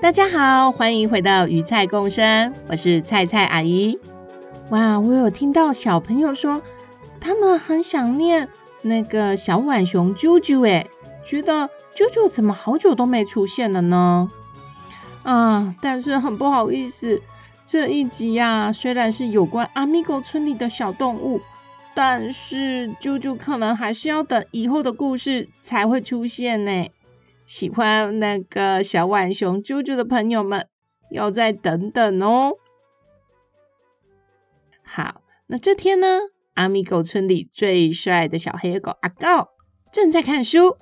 大家好，歡迎回到魚菜共生，我是菜菜阿姨。哇，我有聽到小朋友說，他們很想念那個小浣熊啾啾、欸，誒覺得啾啾怎麼好久都沒出現了呢？啊、嗯，但是很不好意思，這一集呀、啊，雖然是有關 Amigo 村裡的小動物，但是啾啾可能還是要等以後的故事才會出現呢、欸。喜歡那個小浣熊豬豬的朋友們，要再等等哦。好，那這天呢，阿米狗村裡最帥的小黑狗阿告正在看書，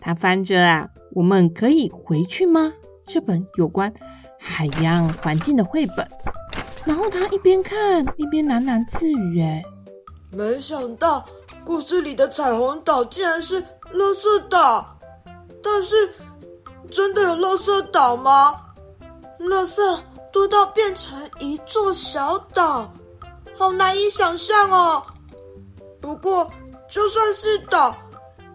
他翻着啊，我們可以回去嗎？這本有關海洋環境的繪本。然後他一邊看一邊喃喃自語：“哎，沒想到故事裡的彩虹島竟然是垃圾島。”但是，真的有垃圾島嗎？垃圾多到變成一座小島，好難以想象哦。不過就算是島，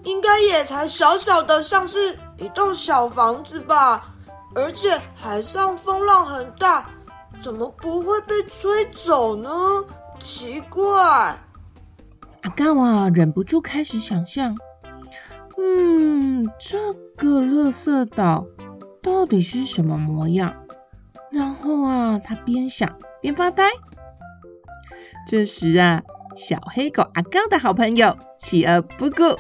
應該也才小小的，像是一棟小房子吧。而且海上風浪很大，怎麼不會被吹走呢？奇怪，阿告啊，忍不住開始想象。嗯，這個垃圾島到底是什麼模樣？然後啊，他邊想邊發呆。這時啊，小黑狗阿高的好朋友企鵝布咕，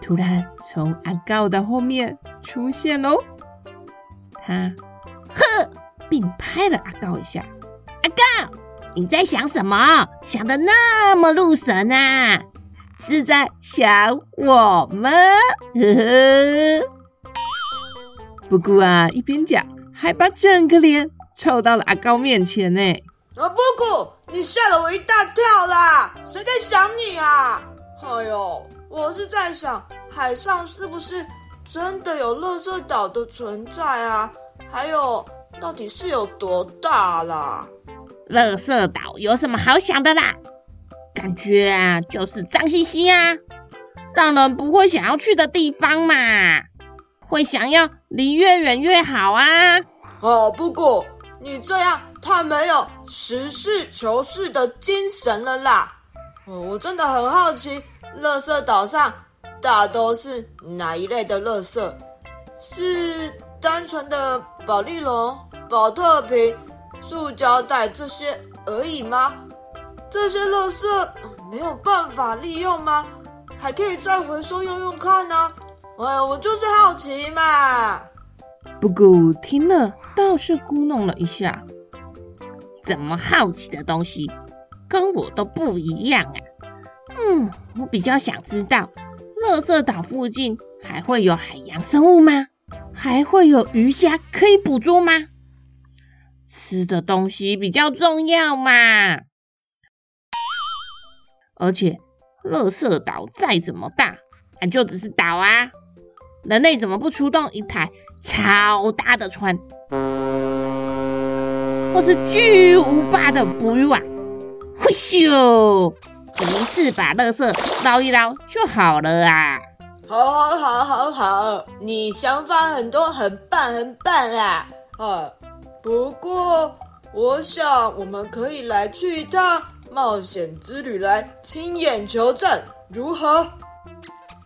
突然從阿高的後面出現嘍。他呵，並拍了阿高一下。阿高，你在想什麼？想得那麼入神啊！是在想我嗎？呵呵，不過啊，一邊講，還把整個臉湊到了阿告面前呢。啊，布咕，你嚇了我一大跳啦！誰在想你啊？哎呦，我是在想海上是不是真的有垃圾島的存在啊？還有，到底是有多大啦？垃圾島有什麼好想的啦？感覺啊，就是髒兮兮啊，讓人不會想要去的地方嘛，會想要離越遠越好啊。哦，不過你這樣太沒有實事求是的精神了啦。哦，我真的很好奇，垃圾島上大都是哪一類的垃圾？是單純的保麗龍、寶特瓶、塑膠袋這些而已嗎？這些垃圾沒有辦法利用嗎？還可以再回收用用看呢、啊。哎、呃、我就是好奇嘛。布咕聽了倒是咕弄了一下，怎麼好奇的東西跟我都不一樣啊？嗯，我比較想知道，垃圾島附近還會有海洋生物嗎？還會有魚蝦可以捕捉嗎？吃的東西比較重要嘛。而且，垃圾島再怎麼大，俺就只是島啊！人類怎麼不出動一台超大的船，或是巨無霸的捕魚網？嘿咻，一次把垃圾撈一撈就好了啊！好，好，好，好，好，你想法很多，很棒，很棒啊！啊不過我想我們可以來去一趟。冒險之旅來親眼求證如何？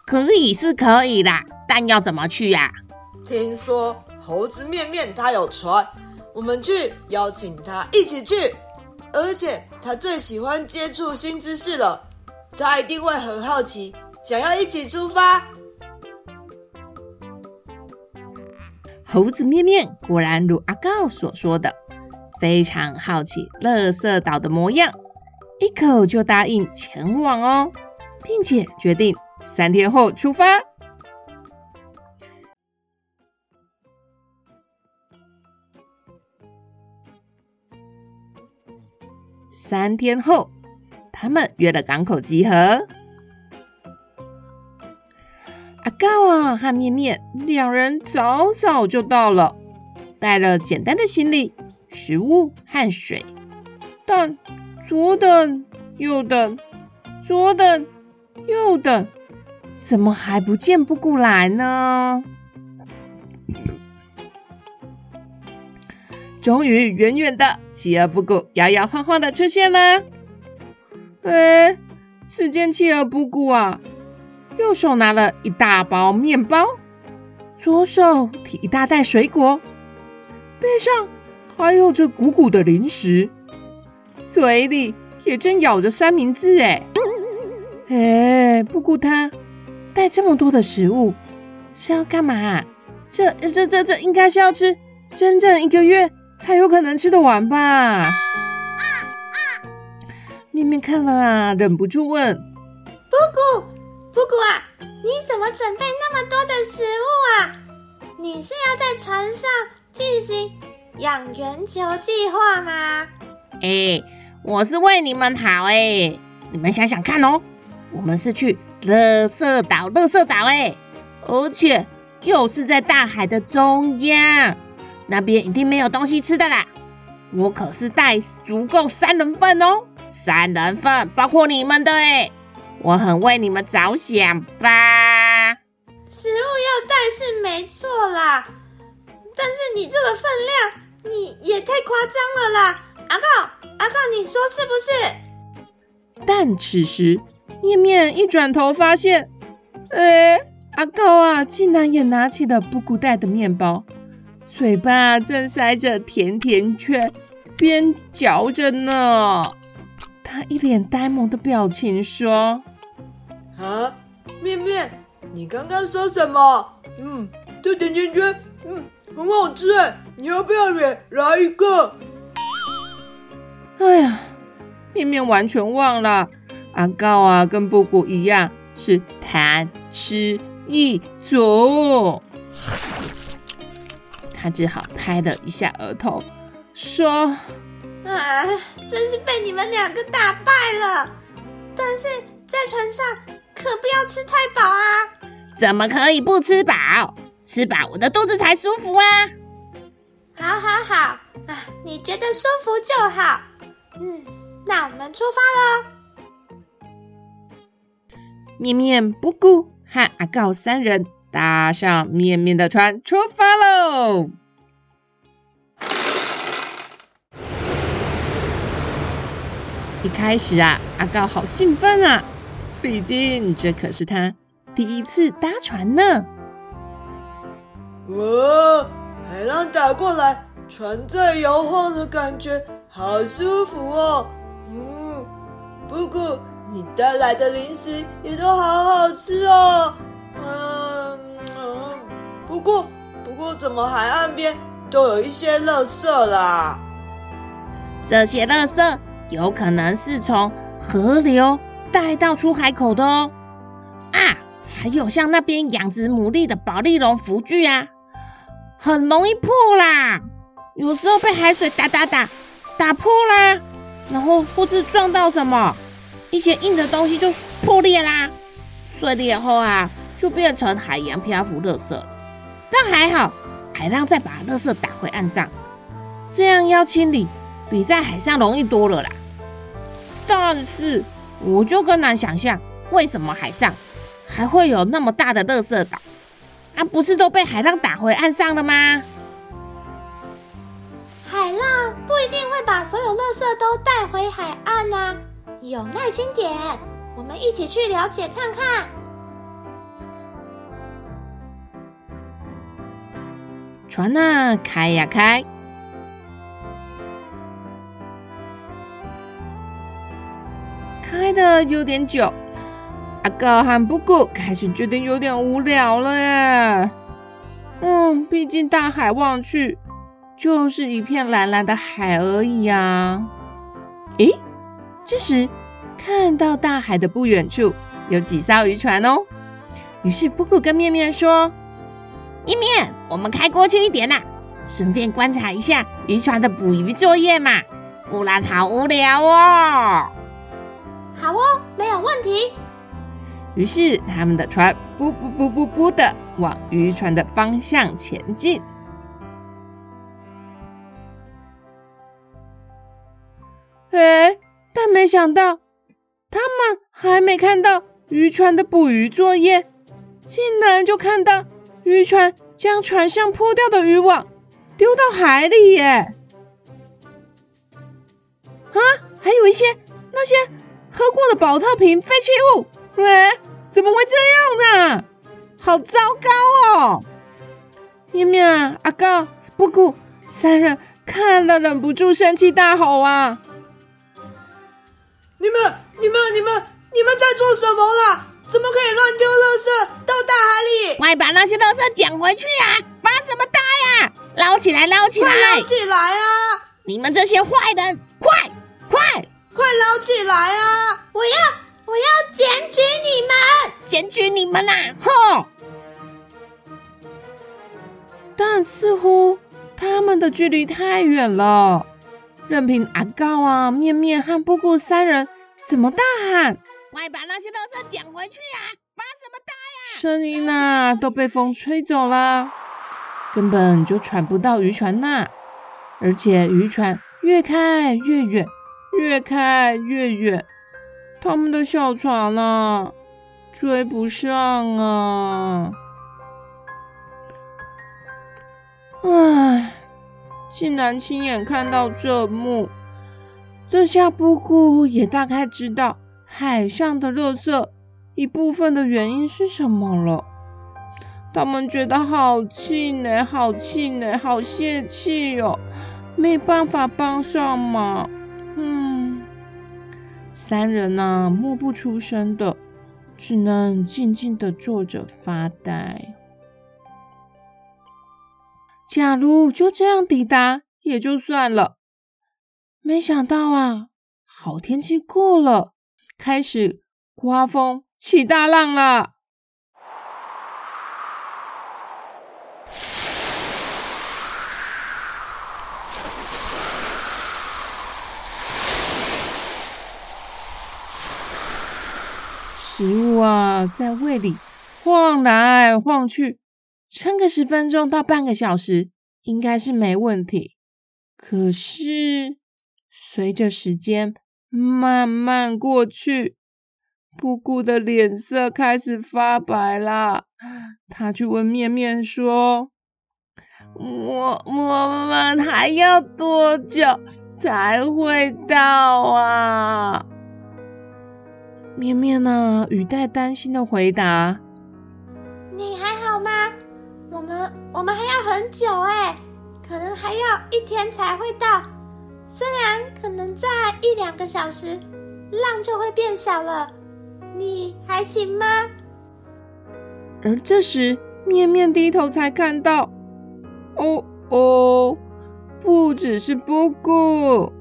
可以是可以啦，但要怎麼去呀？啊？聽說猴子面面他有船，我們去邀請他一起去，而且他最喜歡接觸新知識了，他一定會很好奇，想要一起出發。猴子面面果然如阿告所說的，非常好奇垃圾島的模樣。一口就答應前往哦，並且決定三天後出發。三天後，他們約了港口集合。阿告啊和麵麵兩人早早就到了，帶了簡單的行李、食物和水，但。左等右等，左等右等，怎麼還不見布咕來呢？終於，遠遠的，企鵝布咕搖搖晃晃的出現了。哎，只見企鵝布咕啊，右手拿了一大包麵包，左手提一大袋水果，背上還有着鼓鼓的零食。嘴裡也正咬着三明治，哎、欸，哎，布咕他帶這麼多的食物是要幹嘛？這、這、這、這應該是要吃整整一個月才有可能吃得完吧，啊啊啊？麵麵看了啊，忍不住問：“布咕，布咕啊，你怎麼準備那麼多的食物啊？你是要在船上進行養圓球計劃嗎？”哎、欸。我是為你們好欸，你們想想看喔，我們是去垃圾島，垃圾島哎，而且又是在大海的中央，那邊一定沒有東西吃的啦。我可是帶足夠三人份喔，三人份包括你們的欸，我很為你們着想吧。食物要帶是沒錯啦，但是你這個份量你也太誇張了啦。阿告，阿告，你說是不是？但此時，面面一轉頭發現，哎，阿告啊，竟然也拿起了布咕帶的麵包，嘴巴正塞着甜甜圈，邊嚼着呢。他一臉呆萌的表情說：“啊，面面，你剛剛說什麼？嗯，這甜甜圈，嗯，很好吃，誒，你要不要也來一個？”哎呀，麵麵完全忘了，阿告啊跟布咕一樣是貪吃一族。他只好拍了一下額頭，說：啊，真是被你們兩個打敗了。但是在船上可不要吃太飽啊！怎麼可以不吃飽？吃飽我的肚子才舒服啊！好好好，啊，你覺得舒服就好。嗯，那我們出發了。麵麵、布咕和阿告三人搭上麵麵的船，出發嘍！ 一開始啊，阿告好興奮啊，畢竟這可是他第一次搭船呢。喔，海浪打過來，船在搖晃的感覺。好舒服哦，嗯，不過你帶來的零食也都好好吃哦，嗯嗯，不過，不過，怎麼海岸邊都有一些垃圾啦？這些垃圾有可能是從河流帶到出海口的哦。啊，還有像那邊養殖牡蠣的保麗龍浮具啊，很容易破啦，有時候被海水打打打。打破啦，然後不知撞到什麼，一些硬的東西就破裂啦。碎裂後啊，就變成海洋漂浮垃圾了。但還好，海浪再把垃圾打回岸上，這樣要清理比在海上容易多了啦。但是我就更難想象，為什麼海上還會有那麼大的垃圾島？啊，不是都被海浪打回岸上了嗎？不一定會把所有垃圾都帶回海岸啊，有耐心點，我們一起去了解看看。船啊，開呀、啊、開，開的有點久，阿告和布咕開始覺得有點無聊了耶。嗯，畢竟大海望去，就是一片藍藍的海而已啊！誒，這時看到大海的不遠處有幾艘漁船哦。於是布咕跟面面說：“面面，我們開過去一點啦、啊，順便觀察一下漁船的捕魚作業嘛，不然好無聊哦。”好哦，沒有問題。於是他們的船“啵啵啵啵啵”的往漁船的方向前進。哎、欸，但沒想到，他們還沒看到漁船的捕魚作業，竟然就看到漁船將船上破掉的漁網丟到海裡耶！啊，還有一些那些喝過的寶特瓶廢棄物，哎、欸，怎麼會這樣呢？好糟糕哦！麵麵啊，阿告、布咕三人看了忍不住生氣大吼啊！你們、你們、你們、你們在做什麼啦？怎麼可以亂丟垃圾到大海裡？快把那些垃圾撿回去呀、啊！發什麼呆呀、啊？撈起來，撈起來！快撈起來啊！你們這些壞人，快快快撈起來啊！我要我要檢舉你們！檢舉你們吶、啊！哼！但似乎他們的距離太遠了。任憑阿告啊、麵麵和布咕三人怎麼大喊，快把那些垃圾撿回去呀、啊！發什麼呆呀？聲音吶、啊、 都被風吹走了，根本就傳不到漁船吶。而且漁船越開越遠，越開越遠，他們的小船、啊，追不上啊！哎。竟然親眼看到這幕，這下布咕也大概知道海上的垃圾一部分的原因是什麼了。他們覺得好氣餒，好氣餒，好泄氣喲、哦，沒辦法幫上忙。嗯，三人吶、啊，默不出聲的，只能靜靜的坐着發呆。假如就這樣抵達也就算了，沒想到啊，好天氣過了，開始颳風起大浪了。食物啊，在胃裡晃來晃去。撐個十分鐘到半個小時應該是沒問題。可是隨着時間慢慢過去，布咕的臉色開始發白了。他去問面面說：“我我們還要多久才會到啊？”面面呢、啊，語帶擔心的回答：“你還好嗎？”我們我們還要很久哎，可能還要一天才會到，雖然可能再一兩個小時，浪就會變小了。你還行嗎？而、呃、這時面面低頭才看到，哦哦，不只是布咕，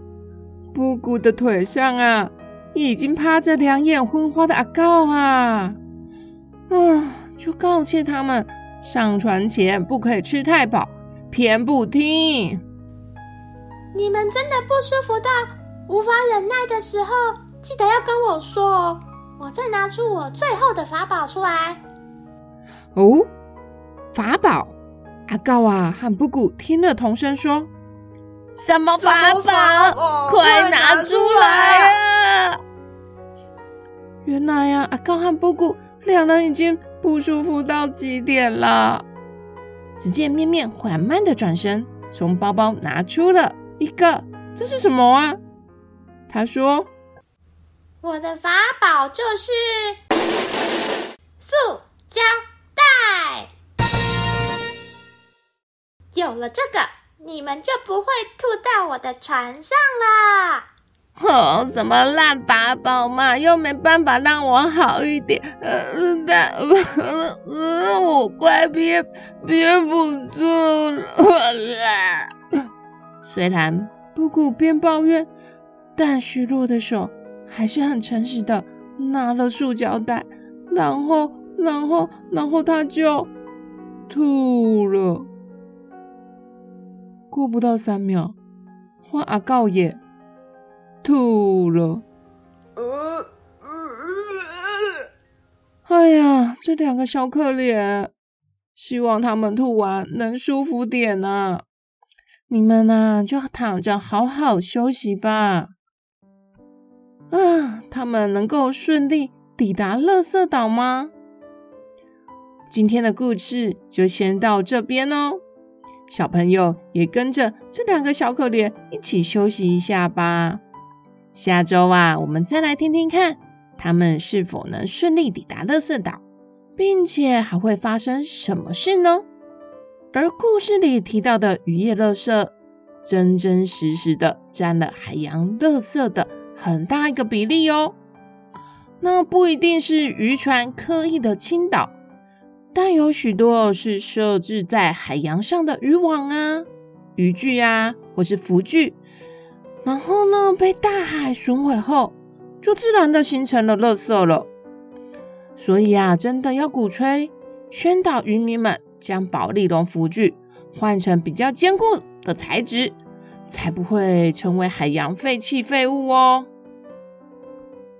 布咕的腿上啊，已經趴着兩眼昏花的阿告啊，啊、呃，就告誡他們。上船前不可以吃太飽，偏不聽。你們真的不舒服到無法忍耐的時候，記得要跟我說，我再拿出我最後的法寶出來。哦，法寶！阿告啊，和布咕聽了同聲說：“什麼法寶？哦，快拿出、啊、拿出來啊！”原來啊，阿告和布咕兩人已經。不舒服到極點了。只見面面緩慢的轉身，從包包拿出了一個，這是什麼啊？他說：“我的法寶就是塑膠袋，有了這個，你們就不會吐到我的船上了。”哼、哦，什麼爛法寶嘛，又沒辦法讓我好一點。呃、但、呃呃呃，我快，憋憋不住了。呃、雖然布咕邊抱怨，但虛弱的手還是很誠實的拿了塑膠袋，然後，然後，然後他就吐了。過不到三秒，換阿告也。吐了，呃，哎呀，這兩個小可憐，希望他們吐完能舒服點啊。你們吶、啊，就躺着好好休息吧。啊，他們能夠順利抵達垃圾島嗎？今天的故事就先到這邊哦。小朋友也跟着這兩個小可憐一起休息一下吧。下週啊，我們再來聽聽看，他們是否能順利抵達垃圾島，並且還會發生什麼事呢？而故事裡提到的漁業垃圾，真真實實的占了海洋垃圾的很大一個比例哦、喔。那不一定是漁船刻意的傾倒，但有許多是設置在海洋上的漁網啊、漁具啊，或是浮具。然後呢，被大海損毀後，就自然的形成了垃圾了。所以啊，真的要鼓吹、宣導漁民們將保麗龍浮具換成比較堅固的材質，才不會成為海洋廢棄廢物哦、喔。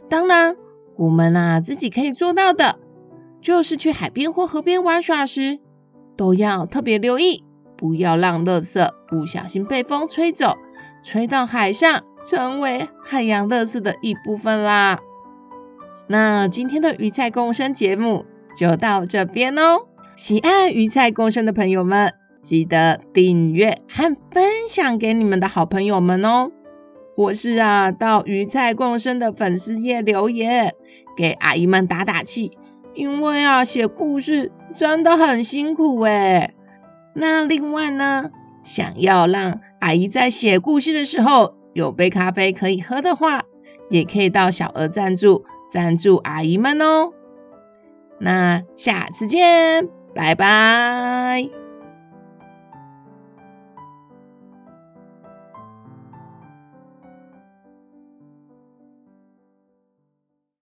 當然，我們啊自己可以做到的，就是去海邊或河邊玩耍時，都要特別留意，不要讓垃圾不小心被風吹走。吹到海上，成為漢陽樂事的一部分啦。那今天的魚菜共生節目就到這邊哦。喜愛魚菜共生的朋友們，記得訂閱和分享給你們的好朋友們哦。或是啊，到魚菜共生的粉絲頁留言，給阿姨們打打氣，因為啊，寫故事真的很辛苦誒。那另外呢，想要讓阿姨在寫故事的時候，有杯咖啡可以喝的話，也可以到小額贊助，贊助阿姨們哦。那下次見，拜拜。